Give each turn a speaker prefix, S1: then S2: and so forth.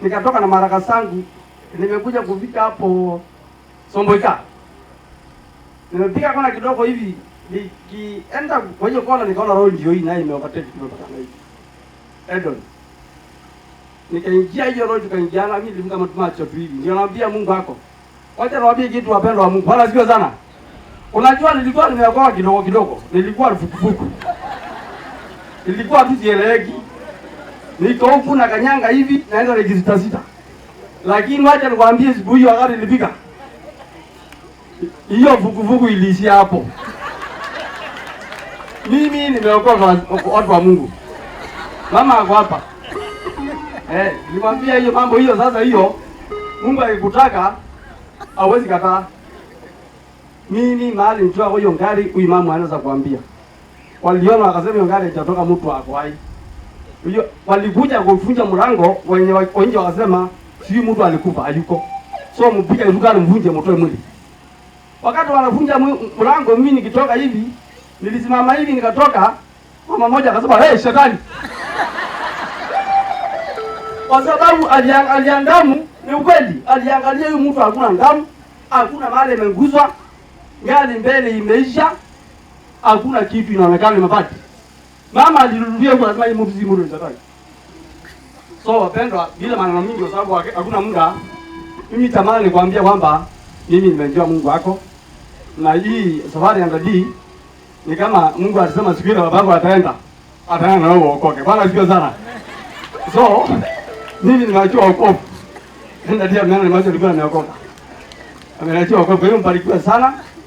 S1: nikatoka na maraka sangu, nimekuja kufika hapo Somboika, nimepika kona kidogo hivi, nikienda kwa hiyo kona nikaona roho ndio hii, naye imeovertake kidogo kama hivi Edon, nikaingia hiyo roho, tukaingia na mimi nilimka mtu macho tu hivi, ndio naambia Mungu wako, wacha niwaambie kitu, wapendwa wa Mungu, wala sio sana. Unajua nilikuwa nimeokoa kidogo kidogo, nilikuwa rufukufuku, nilikuwa tu sieleweki niko huku na kanyanga hivi naenda registra sita lakini wacha nikwambie, siku hiyo wakati nilifika hiyo vuguvugu iliishia hapo. Mimi nimeokoka watu wa Mungu, mama ako hapa eh. Nilimwambia hiyo mambo hiyo, sasa hiyo Mungu akikutaka hawezi kataa. Mimi mahali nitoa hiyo ngari, huyu mama anaweza kuambia, waliona wakasema hiyo ngari itatoka mtu wako hai walikuja kuvunja mlango, wenye wenye wasema sijui mtu alikufa hayuko, so mpiga ruka mvunje mtoe mwili. Wakati wanavunja mlango, mimi nikitoka hivi, nilisimama hivi nikatoka, mama mmoja akasema hey, shetani kwa sababu aliangalia ndamu, Ni ukweli, aliangalia huyu mtu hakuna ndamu, hakuna mahali imenguzwa, gari mbele imeisha, hakuna kitu inaonekana, imepata. Mama alirudia huko lazima imuvizi muru nitataki. So wapendwa, bila maneno mingi kwa sababu hakuna muda. Mimi tamani nikwambia kwamba mimi nimejua Mungu wako. Na hii safari ya ndadi ni kama Mungu alisema siku ile babako ataenda. Ataenda na wewe uokoke. Bwana asifiwe sana. So mimi nimejua wokovu. Ndadi amenena nimeacha nilikuwa nimeokoka. Amenachua wokovu. Kwa hiyo mbarikiwe sana.